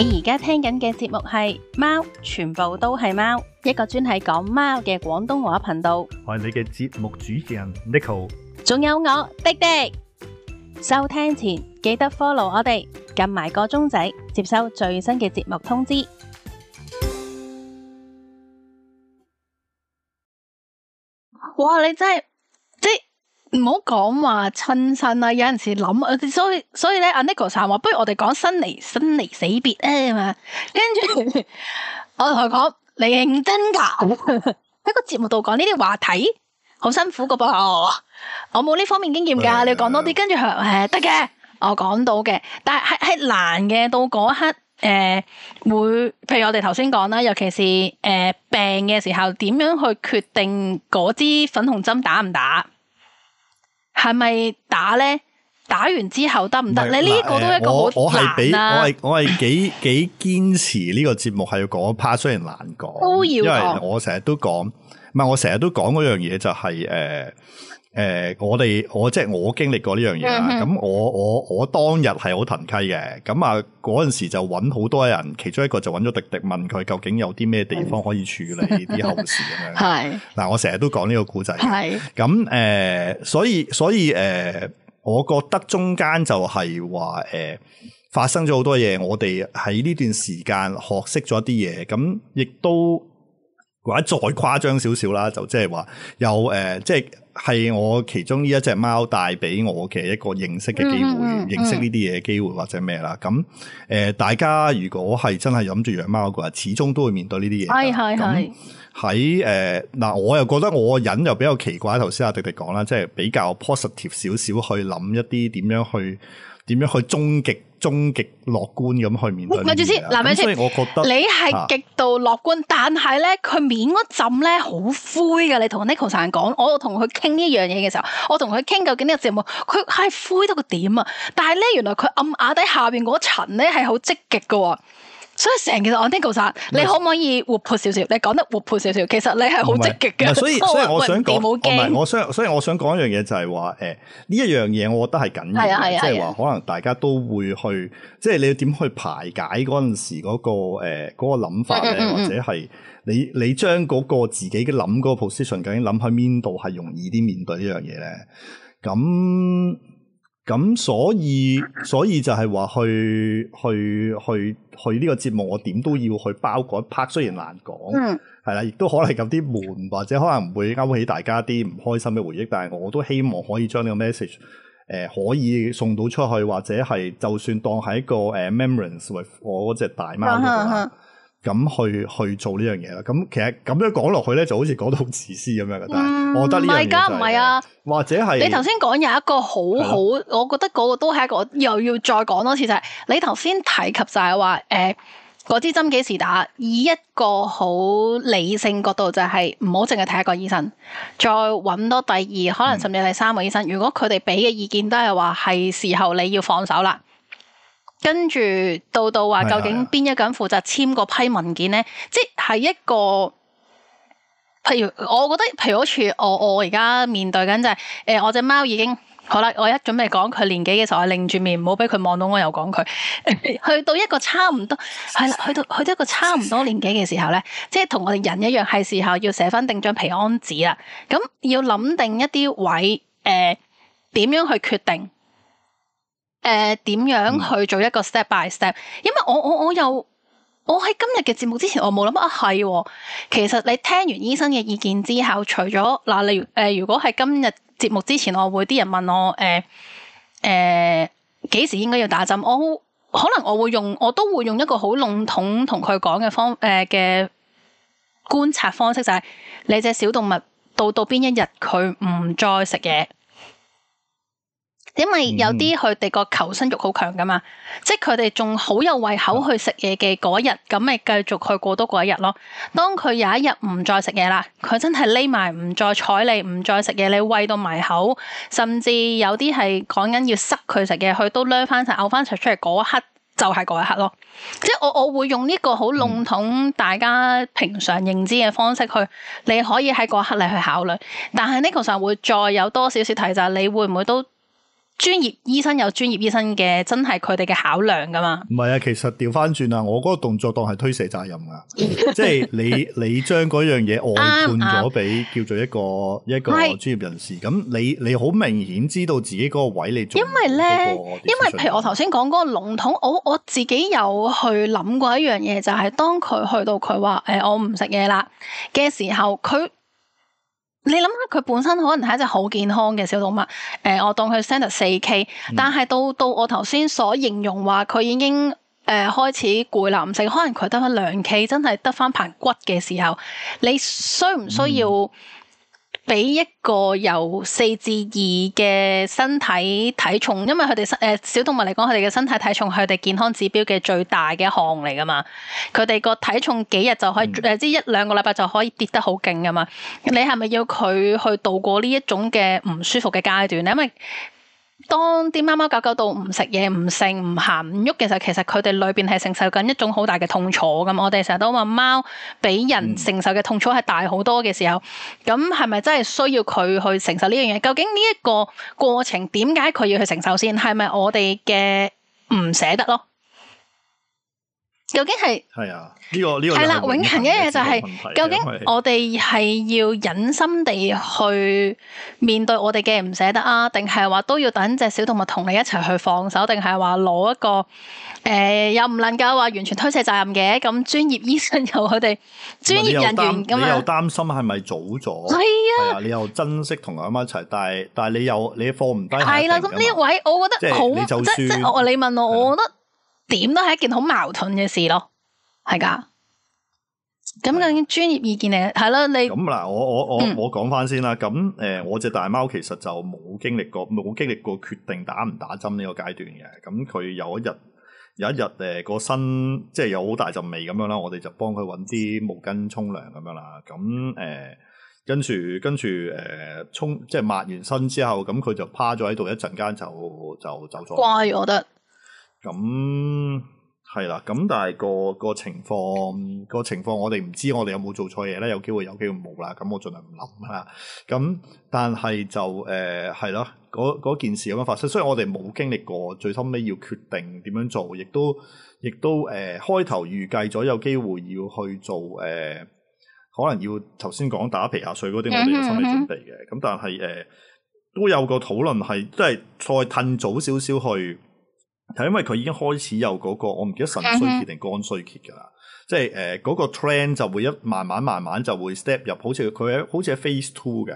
你而家聽緊嘅節目係《貓》，全部都係貓，一個專係講貓嘅廣東話頻道。我係你嘅節目主持人 Neko，仲有我廸廸。收聽前記得 follow 我哋，撳埋個鐘仔，接收最新嘅節目通知。哇！你真係～唔好講話親身啦、啊，有陣時諗，所以所以咧，阿 Neko 就話不如我哋講生離生離死別咧，咁樣。跟住 我同佢講，你認真噶，喺 個節目度講呢啲話題，好辛苦噶噃。 我冇呢方面經驗噶， 你要講多啲。跟住佢誒得嘅，我講到嘅，但係係難嘅。到嗰一刻，誒、呃、會，譬如我哋頭先講啦，尤其是誒、呃、病嘅時候，點樣去決定嗰支粉紅針打唔打？係咪打咧？打完之後得唔得？唔係你呢個都係一個好難啊、呃呃！我係我係幾幾堅持呢個節目係要講一 part，雖然難講，都要講，因為我成日都講，唔係我成日都講嗰樣嘢就係、是、誒。呃誒、呃，我哋我即係我經歷過呢、mm hmm. 樣嘢啦，咁我我我當日係好騰雞嘅，咁啊嗰陣時就揾好多人，其中一個就揾咗廸廸問佢究竟有啲咩地方可以處理啲後事咁、mm hmm. 樣。係嗱， 我成日都講呢個故仔。係咁誒，所以所以誒、呃，我覺得中間就係話誒，發生咗好多嘢，我哋喺呢段時間學識咗啲嘢，咁亦都。或者再誇張少少啦，就即係話又誒，即係我其中呢一隻貓帶俾我嘅一個認識嘅機會，嗯嗯、認識呢啲嘢嘅機會或者咩啦。咁誒、呃，大家如果係真係諗住養貓嘅話，始終都會面對呢啲嘢。係係係。喺誒嗱，我又覺得我個人又比較奇怪。頭先阿迪迪講啦，即係比較 positive 少少去諗一啲點樣去點樣去終極。終極樂觀咁去面對。咪住先，嗱咪住先，你係極度樂觀，但係咧佢面嗰陣咧好灰㗎。你同 Neko 成日講，我同佢傾呢樣嘢嘅時候，我同佢傾究竟呢個節目，佢係灰到個點啊！但係咧原來佢暗啞底下面嗰層咧係好積極㗎喎。所以成件事 Antigo 生，你可唔可以活潑少少？是你講得活潑少少，其實你係好積極嘅。所以所以我想講，唔係我所所以我想講一、欸、樣嘢就係話誒呢一樣嘢，我覺得係緊要，即係話可能大家都會去，即、就、係、是、你要點去排解嗰陣時嗰、那個誒諗、欸那個、法咧，或者係你你將嗰個自己嘅諗嗰個 position 究竟諗喺邊度係容易啲面對呢樣嘢咧？咁。咁所以所以就係話去去去去呢個節目，我點都要去包嗰一 part，雖然難講，係啦、嗯，亦都可能有啲悶，或者可能會勾起大家啲唔開心嘅回憶，但係我都希望可以將呢個 message，誒、呃、可以送到出去，或者係就算當係一個誒 memories 為我嗰隻大貓、呢個。嗯嗯嗯嗯咁去去做呢樣嘢啦，咁其實咁樣講落去咧，就好似講到好自私咁樣嘅，嗯、但係我覺得呢係唔係噶，唔係啊，啊或者係你頭先講有一個好好，啊、我覺得嗰個都係一個又要再講多次就係、是，你頭先提及晒話誒，嗰、欸、支針幾時打？以一個好理性角度就係唔好淨係睇一個醫生，再揾多第二，可能甚至第三個醫生，嗯、如果佢哋俾嘅意見都係話係時候你要放手啦。跟住到到話究竟邊一個人負責簽嗰批文件咧？ 即係一個，譬如我覺得，譬如好似我我而家面對緊就係、是，誒、呃、我隻貓已經好啦，我一準備講佢年紀嘅時候，我擰住面唔好俾佢望到我又講佢。 去到一個差唔多係啦，去到去到一個差唔多年紀嘅時候咧， 即係同我哋人一樣，係時候要寫翻定張平安紙啦。咁要諗定一啲位，誒、呃、點樣去決定？.誒，點、呃、樣去做一個 step by step？因為我我我又我喺今日嘅節目之前，我冇諗啊係、哦，其實你聽完醫生嘅意見之後，除咗嗱，例如誒，如果係今日節目之前，我會啲人問我誒誒，幾、呃呃、時應該要打針？我可能我會用，我都會用一個好籠統同佢講嘅方誒嘅、呃、觀察方式，就係、是、你隻小動物到到邊一日佢唔再食嘢。因為有啲佢哋個求生欲好強噶嘛，即係佢哋仲好有胃口去食嘢嘅嗰一日，咁咪繼續去過多嗰一日咯。當佢有一日唔再食嘢啦，佢真係匿埋唔再睬你，唔再食嘢，你餵到埋口，甚至有啲係講緊要塞佢食嘢，佢都孏翻曬、嘔翻曬出嚟嗰一刻，就係嗰一刻咯。即係我我會用呢個好籠統大家平常認知嘅方式去，你可以喺嗰一刻嚟去考慮。但係呢個上會再有多少少題就係你會唔會都？專業醫生有專業醫生嘅，真係佢哋嘅考量噶嘛？唔係啊，其實調翻轉啊，我嗰個動作當係推卸責任噶， 即係你你將嗰樣嘢外判咗俾叫做一個 一個專業人士，咁 你你好明顯知道自己嗰個位你做，因為咧，因為譬如我頭先講嗰個籠統，我我自己有去諗過一樣嘢，就係當佢去到佢話誒我唔食嘢啦嘅時候，佢。你諗下，佢本身可能係一隻好健康嘅小動物，誒、呃，我當佢 send、嗯、到四 K，但係到到我頭先所形容話，佢已經誒、呃、開始攰，啦唔食，可能佢得翻兩 K，真係得翻棚骨嘅時候，你需唔需要？嗯俾一個由四至二嘅身體體重，因為佢哋身，誒小動物嚟講，佢哋嘅身體體重係佢哋健康指標嘅最大嘅一項嚟㗎嘛。佢哋個體重幾日就可以誒，即、嗯、一兩個禮拜就可以跌得好勁㗎嘛。你係咪要佢去度過呢一種嘅唔舒服嘅階段咧？因為當啲貓貓狗狗到唔食嘢、唔食、唔行、唔喐嘅時候，其實佢哋裏邊係承受緊一種好大嘅痛楚咁。我哋成日都話貓俾人承受嘅痛楚係大好多嘅時候，咁係咪真係需要佢去承受呢樣嘢？究竟呢一個過程點解佢要去承受先？係咪我哋嘅唔捨得咯？究竟係係啊呢、這個呢、這個係啦永恆一樣嘢就係、是、究竟我哋係要忍心地去面對我哋嘅唔捨得啊？定係話都要等隻小動物同你一齊去放手？定係話攞一個誒、呃、又唔能夠話完全推卸責任嘅？咁專業醫生由佢哋專業人員咁樣？你又擔樣心係咪早咗？係啊，啊，你又珍惜同阿媽一齊，但係但係你又你放唔低係啦。咁呢一位，我覺得好即係即係你問我，我覺得。點都係一件好矛盾嘅事咯，係、嗯、噶。咁嘅專業意見嚟，係咯，你咁嗱、嗯，我我我我講翻先啦。咁誒、呃，我隻大貓其實就冇經歷過冇經歷過決定打唔打針呢個階段嘅。咁佢有一日有一日誒個身即係有好大陣味咁樣啦，我哋就幫佢搵啲毛巾沖涼咁樣啦。咁誒跟住跟住誒沖即係抹完身之後，咁佢就趴咗喺度，一陣間就就走咗。乖，我覺得。咁係啦，咁、嗯、但係個個情況個情況，我哋唔知我哋有冇做錯嘢咧？有機會有機會冇啦，咁我盡量唔諗啦。咁、嗯、但係就誒係啦，嗰、呃、件事咁樣發生，所以我哋冇經歷過，最收尾要決定點樣做，亦都亦都誒、呃、開頭預計咗有機會要去做誒、呃，可能要頭先講打皮下水嗰啲，我哋有心理準備嘅。咁、mm hmm. 但係誒、呃、都有個討論係，即係再褪早少少去。係因為佢已經開始有嗰、那個，我唔記得腎衰竭定肝衰竭㗎啦。 即係誒嗰個 trend 就會一慢慢慢慢就會 step 入，好似佢喺好似係 phase two 嘅。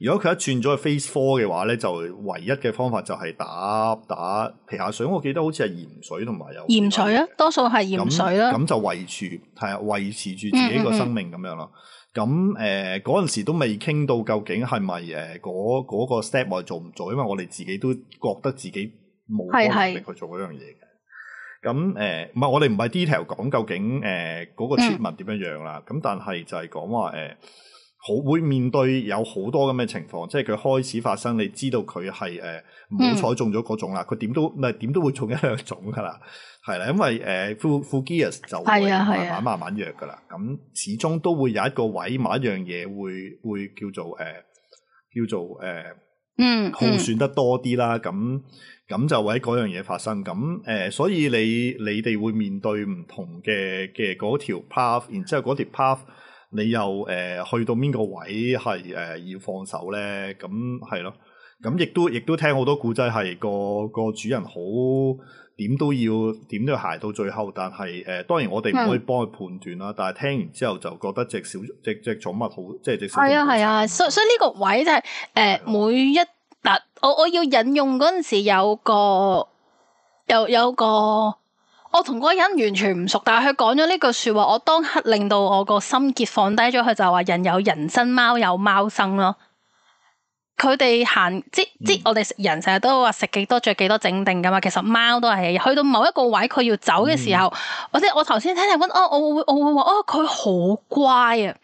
如果佢一轉咗去 phase four 嘅話咧，就唯一嘅方法就係打打皮下水。我記得好似係鹽水同埋有鹽水啊，多數係鹽水啦、啊。咁就、啊、維持係維持住自己個生命咁樣咯。咁誒嗰陣時都未傾到究竟係咪誒嗰個 step 我做唔做？因為我哋自己都覺得自己，自己。冇能力去做嗰樣嘢嘅，咁誒是，唔係、嗯啊、我哋唔係 detail 講究竟誒嗰、啊那個村民點樣樣啦、嗯，咁但係就係講話誒，好會面對有好多咁嘅情況，即係佢開始發生，你知道佢係誒唔好彩中咗嗰種啦，佢點都唔係點都會中一兩種噶啦，係啦，因為誒富富基亞就會慢，慢慢慢弱噶啦，咁始終都會有一個位某一樣嘢會會叫做誒叫做誒。嗯，好、嗯、選得多啲啦，咁咁就會喺嗰樣嘢發生，咁、誒、呃、所以你你哋會面對唔同嘅嘅嗰條 path，然之後嗰條 path，你又誒、呃、去到邊個位係誒、呃、要放手咧？咁係咯，咁亦都亦都聽好多古仔，係個、個主人好。點都要點都要捱到最後，但係誒、呃、當然我哋唔可以幫佢判斷啦。的但係聽完之後就覺得隻小隻隻寵物好，即係隻小。係啊係啊，所以所以呢個位就係、是、誒、呃、的每一嗱、啊，我我要引用嗰陣時有個有有個我同嗰人完全唔熟，但係佢講咗呢句説話，我當刻令到我個心結放低咗。佢就話人有人生，貓有貓生咯。佢哋行，即即我哋人成日都話食幾多着幾多整定㗎嘛，其實貓都係去到某一個位，佢要走嘅時候，嗯、或者我頭先聽你講，哦，我會我會話，哦，佢好乖啊，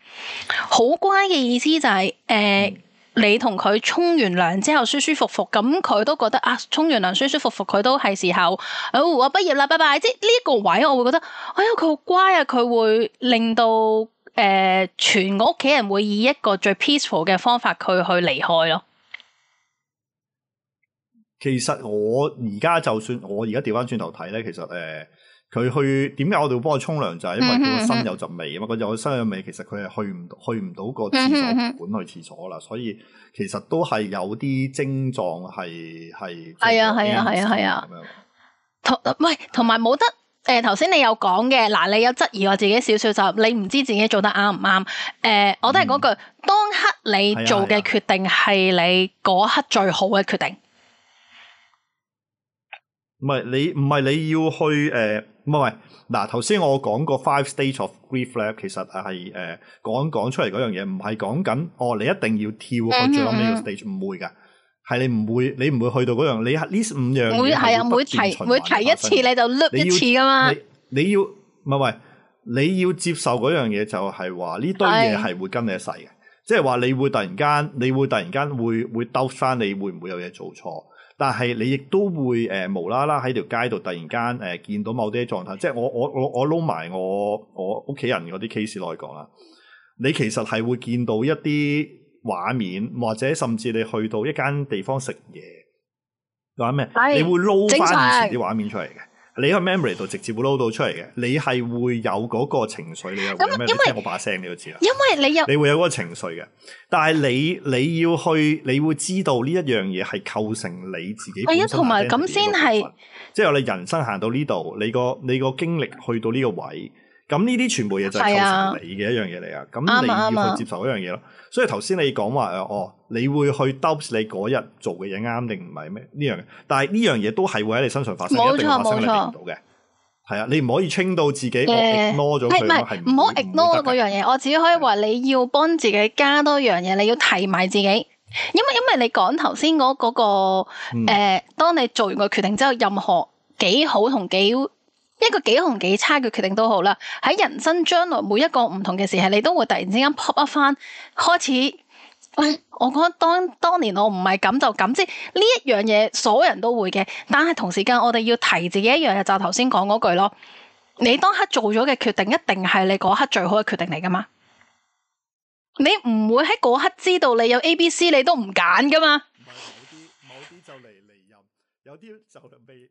好乖嘅意思就係、是，誒、呃，嗯、你同佢沖完涼之後舒舒服服，咁佢都覺得啊，沖完涼舒舒服服，佢都係時候，好、哦，我畢業啦，拜拜，即呢個位我會覺得，哎、哦、呀，佢好乖啊，佢會令到。誒、呃，全屋企人會以一個最 peaceful 嘅方法佢去離開咯。其實我而家就算我而家調翻轉頭睇咧，其實誒，佢、呃、去點解我哋會幫佢沖涼就係、是、因為佢個身有陣味啊嘛，佢有身有味，其實佢係去唔去唔到個廁所、嗯，管去廁所啦。所以其實都係有啲症狀係係係啊係啊係啊係啊咁樣。同喂，同埋冇得。誒，頭先你有講嘅，嗱，你有質疑我自己少少就，你唔知自己做得啱唔啱？誒，我都係講句，當刻你做嘅決定係你嗰刻最好嘅決定。唔係你，唔係你要去誒，唔係，嗱，頭先我講過 five stages of grief 咧，其實係誒講講出嚟嗰樣嘢，唔係講緊哦，你一定要跳個最後尾個 stage，唔會噶。係你唔會，你唔會去到嗰樣，你呢五樣每係齊啊，每提每提一次你就 lose 一次噶嘛。你要唔係唔係？你要接受嗰樣嘢就係話呢堆嘢係會跟你一世嘅，即係話你會突然間你會突然間會會 d 翻，你會唔會有嘢做錯？但係你亦都會誒無啦啦喺條街度突然間誒見到某啲狀態，即係 我我我我撈埋我我屋企人嗰啲 case 來講啦，你其實係會見到一啲。畫面或者甚至你去到一間地方食嘢，話咩的？你會撈翻以前啲畫面出嚟嘅，你喺 memory 度直接撈到出嚟嘅，你係會有嗰個情緒，你又會因為聽我把聲你都知啦。因為你有，你會有嗰個情緒嘅，但係你你要去，你會知道呢一樣嘢係構成你自己。啊、哎呦！同埋咁先係，即係我哋人生行到呢度，你個你個經歷去到呢個位。咁呢啲全部嘢就構成你嘅一樣嘢嚟啊！咁你要去接受一樣嘢咯。所以頭先你講話誒，哦，你會去 double 你嗰日做嘅嘢啱定唔係咩呢樣？但係呢樣嘢都係會喺你身上發生，一定發生，你明到嘅。係啊，你唔可以稱到自己我 ignore 咗佢，唔好 ignore 嗰樣嘢。我只可以話你要幫自己加多樣嘢，你要提埋自己。因為因為你講頭先嗰嗰個誒，當你做完個決定之後，任何幾好同幾。一個幾好幾差嘅決定都好啦，喺人生將來每一個唔同嘅時候，你都會突然之間 p 一 p 翻開始。哎，我講，當當年我唔係咁就咁，即係呢一樣嘢所有人都會嘅，但係同時間我哋要提自己一樣嘢，就頭先講嗰句咯。你當刻做咗嘅決定，一定係你嗰刻最好嘅決定嚟噶嘛？你唔會喺嗰刻知道你有 A、B、C，你都唔揀噶嘛？唔係某啲某啲就嚟離任，有啲就未。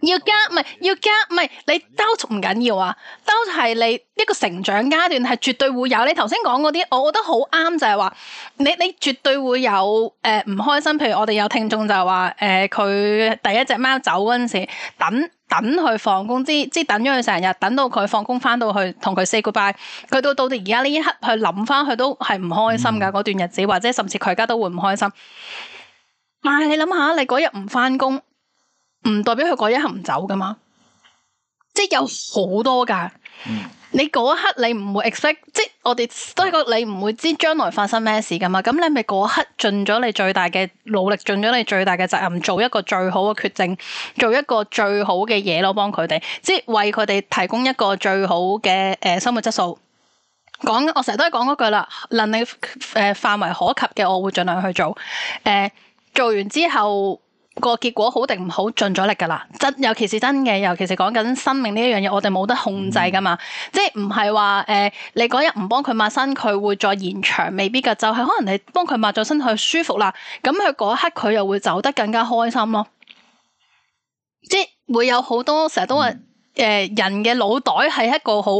要加唔係要加唔係，你兜唔緊要啊，兜係你一個成長階段係絕對會有。你頭先講嗰啲，我覺得好啱就係話，你你絕對會有誒唔開心。譬如我哋有聽眾就話，誒佢第一隻貓走嗰陣時，等等佢放工，之之等咗佢成日，等到佢放工翻到去同佢 say goodbye，佢到到到而家呢一刻去諗翻，佢都係唔開心噶嗰段日子，或者甚至佢而家都會唔開心。唔係你諗下，你嗰日唔翻工。唔代表佢嗰一刻唔走噶嘛，即係有好多噶。嗯、你嗰一刻你唔會 expect，即係我哋都係個你唔會知將來發生咩事噶嘛。咁你咪嗰一刻盡咗你最大嘅努力，盡咗你最大嘅責任，做一個最好嘅決定，做一個最好嘅嘢咯，幫佢哋，即係為佢哋提供一個最好嘅誒、呃、生活質素。講我成日都係講嗰句啦，能力誒範圍可及嘅我會盡量去做。誒、呃，做完之後。個結果好定唔好，盡咗力噶啦，真尤其是真嘅，尤其是講緊生命呢一樣嘢，我哋冇得控制噶嘛，即係唔係話誒，你嗰日唔幫佢抹身，佢會再延長未必噶，就係、是、可能你幫佢抹咗身，佢舒服啦，咁佢嗰一刻佢又會走得更加開心咯，即係會有好多成日都話、嗯。誒人嘅腦袋係一個好，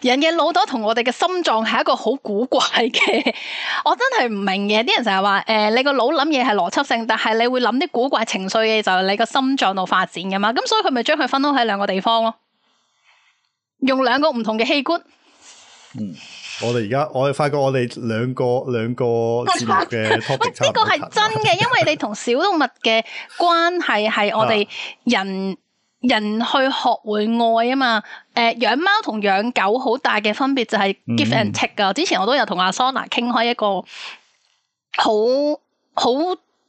人嘅腦袋同我哋嘅心臟係一個好古怪嘅，我真係唔明嘅。啲人成日話誒你個腦諗嘢係邏輯性，但係你會諗啲古怪情緒嘅就係你個心臟度發展㗎嘛，咁所以佢咪將佢分開喺兩個地方咯，用兩個唔同嘅器官。嗯，我哋而家我哋發覺我哋兩個兩個節目嘅 topic 差唔多。呢個係真嘅，因為你同小動物嘅關係係我哋人。人去學會愛啊嘛，誒、呃，養貓同養狗好大嘅分別就係 give and take 啊。嗯、之前我都有同阿 Sona 傾開一個好好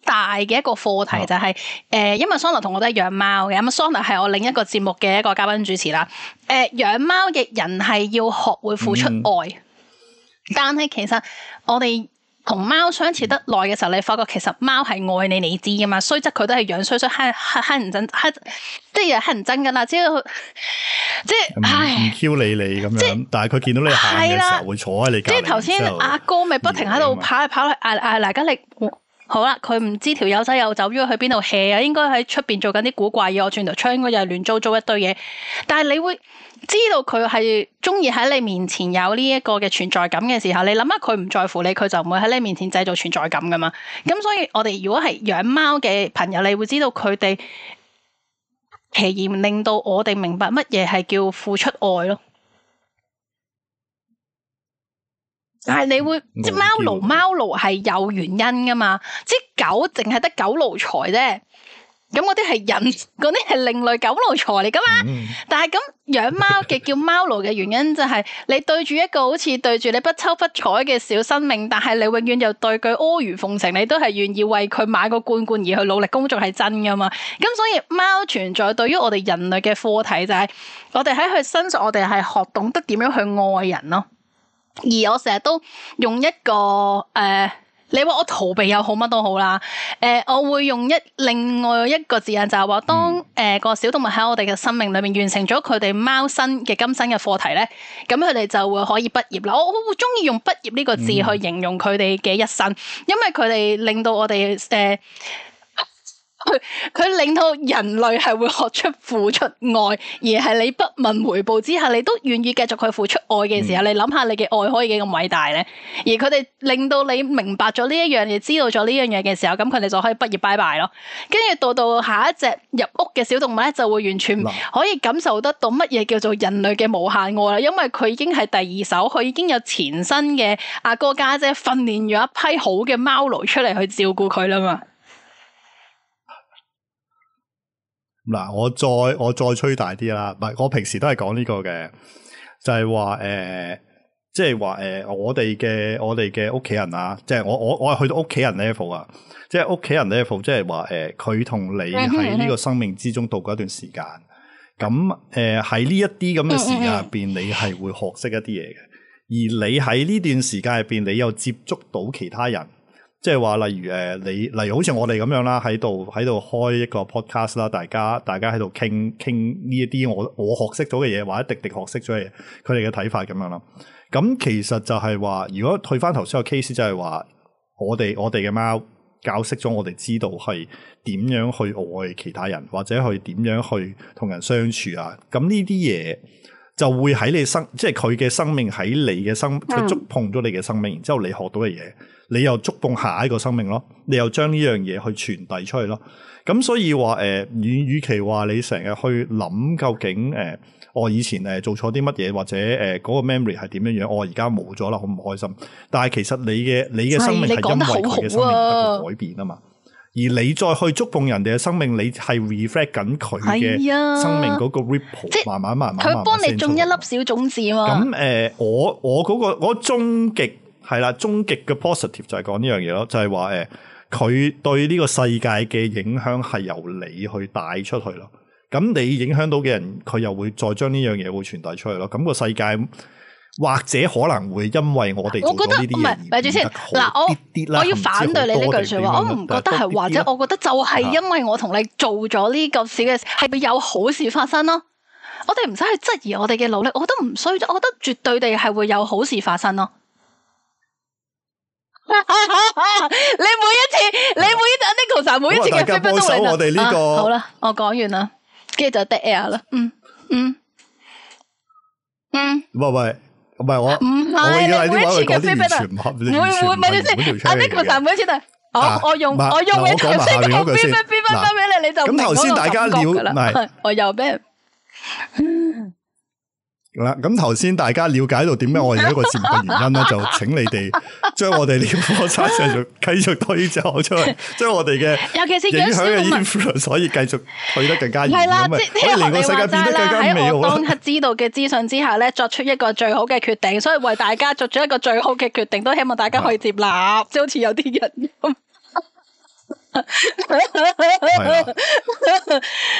大嘅一個課題，就是，就係誒，因為 Sona 同我都係養貓嘅，咁啊 Sona 係我另一個節目嘅一個嘉賓主持啦。誒、呃，養貓嘅人係要學會付出愛，嗯、但係其實我哋。同貓相處得耐嘅時候，你發覺其實貓係愛你，你知噶嘛？雖則佢都係樣衰衰，乞乞人憎，乞即係乞人憎噶啦。只要即係唔嬌你你咁樣，但係佢見到你行嘅時候會坐喺你，你。即係頭先阿哥咪不停喺度跑嚟跑去嗌嗌大家力。好啦，佢唔知條友仔又走咗去邊度 hea 啊，應該喺出邊做緊啲古怪嘢，我轉頭出應該又係亂糟糟一堆嘢。但係你會知道佢係中意喺你面前有呢一個嘅存在感嘅時候，你諗下佢唔在乎你，佢就唔會喺你面前製造存在感噶嘛。咁、嗯、所以我哋如果係養貓嘅朋友，你會知道佢哋，而令到我哋明白乜嘢係叫付出愛咯。但係你會，即貓奴貓奴係有原因噶嘛？即狗淨係得狗奴才啫，咁嗰啲係人，嗰啲係另類狗奴才嚟噶嘛？但係咁養貓嘅叫貓奴嘅原因就係，你對住一個好似對住你不瞅不睬嘅小生命，但係你永遠又對佢阿諛奉承，你都係願意為佢買個罐罐而去努力工作係真噶嘛？咁所以貓存在對於我哋人類嘅課題就係，我哋喺佢身上，我哋係學懂得點樣去愛人咯。而我成日都用一個誒、呃，你話我逃避又好，好，乜都好啦。誒，我會用一另外一個字眼，就係、是、話當誒個、呃、小動物喺我哋嘅生命裏面完成咗佢哋貓身嘅今生嘅課題咧，咁佢哋就會可以畢業啦。我好會中意用畢業呢個字去形容佢哋嘅一生，因為佢哋令到我哋誒。呃佢佢令到人類係會學出付出愛，而係你不問回報之下，你都願意繼續去付出愛嘅時候，你諗下你嘅愛可以幾咁偉大咧。而佢哋令到你明白咗呢一樣嘢，知道咗呢樣嘢嘅時候，咁佢哋就可以畢業拜拜咯。跟住到到下一隻入屋嘅小動物咧，就會完全可以感受得到乜嘢叫做人類嘅無限愛啦。因為佢已經係第二手，佢已經有前身嘅阿哥家姐訓練咗一批好嘅貓奴出嚟去照顧佢啦嘛。嗱，我再我再吹大啲啦，唔係我平時都係講呢個嘅，就係話誒，即係話誒，我哋嘅我哋嘅屋企人啊，即係我我我係去到屋企人 level 啊，即係屋企人 level，即係話誒，佢同你喺呢個生命之中度過一段時間，咁誒喺呢一啲咁嘅時間入邊，你係會學識一啲嘢嘅，而你喺呢段時間入邊，你又接觸到其他人。即係話，例如誒，你，例如好似我哋咁樣啦，喺度喺度開一個 podcast 啦，大家大家喺度傾傾呢一啲我我學識到嘅嘢，或者廸廸學識咗嘅嘢，佢哋嘅睇法咁樣啦。咁其實就係話，如果退翻頭先個 case，就係話我哋我哋嘅貓教識咗我哋知道係點樣去愛其他人，或者去點樣去同人相處啊。咁呢啲嘢就會喺你生，即係佢嘅生命喺你嘅生，佢觸碰咗你嘅生命，然之後你學到嘅嘢。你又觸碰下一個生命咯，你又將呢樣嘢去傳遞出去咯。咁、嗯、所以話誒、呃，與與其話你成日去諗究竟誒，我、呃哦、以前誒做錯啲乜嘢，或者誒嗰、呃那個 memory 係點樣樣，我而家冇咗啦，好唔開心。但係其實你嘅你嘅生命係因為佢嘅生命改變啊嘛。而你再去觸碰人哋嘅生命，你係 reflect 緊佢嘅生命嗰個 ripple，、哎、呀慢慢慢慢佢幫你種一粒小種子喎。咁誒、呃，我我嗰、那個我終極。那個那個那個終極係啦，終極嘅 positive 就係講呢樣嘢咯，就係話誒，佢、哎、對呢個世界嘅影響係由你去帶出去咯。咁你影響到嘅人，佢又會再將呢樣嘢會傳遞出去咯。咁個世界或者可能會因為我哋做咗呢啲嘢，變得好，唔、嗯、嘢，咪住先。啲啦。我要反對你呢句說話，我唔覺得係，點點或者我覺得就係因為我同你做咗呢個事嘅事，係咪有好事發生咯。是的 我哋唔使去質疑我哋嘅努力，我覺得唔需要，我覺得絕對地係會有好事發生咯。你每一次，你每一次 Neko 每一次嘅 feedback 都嚟我哋呢個啦。好啦，我講完啦，跟住就 dead air 啦。嗯嗯嗯，唔係唔係我我而家係啲話係講 feedback 啊，唔係唔係啲咩？阿 Neko 每一次都好，我用我用嘅星球 feedback feedback 俾你，你就咁頭先大家了，唔係我又咩？咁頭先大家了解到點解我哋有一個傳播原因咧， 就請你哋將我哋呢個課程繼續繼續推走出去，將我哋嘅尤其是影響嘅 influence 所以繼續推得更加遠， 啦可以令個世界變得更加美好。 我當知道嘅資訊之下咧，作出一個最好嘅決定，所以為大家作出一個最好嘅決定，都希望大家可以接納，即係 好似有啲人咁。 係啦，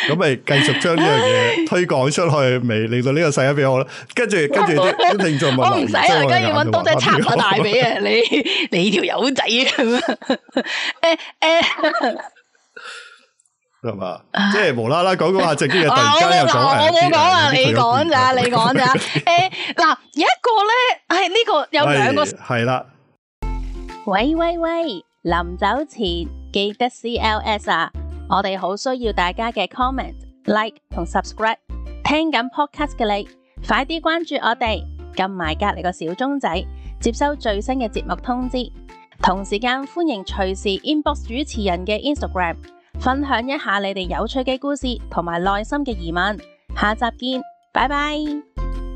咁咪繼續將呢樣嘢推廣出去，咪令到呢個世界變好啦。跟住，跟住，我唔使啊，而家要揾多隻插下大髀啊！你你條友仔咁樣，誒誒，得嘛？即係無啦啦講講下正啲嘢，大家又想嚟。我冇講啊，你講咋？你講咋？誒，嗱，一個咧係呢個有兩個，係啦。喂喂喂，臨走前。記得 CLS 啊！我哋好需要大家嘅 comment、like 同 subscribe。聽緊 podcast 嘅你，快啲關注我哋，撳埋隔離個小鐘仔，接收最新嘅節目通知。同時間歡迎隨時 inbox 主持人嘅 Instagram，分享一下你哋有趣嘅故事同埋內心嘅疑問。下集見，拜拜。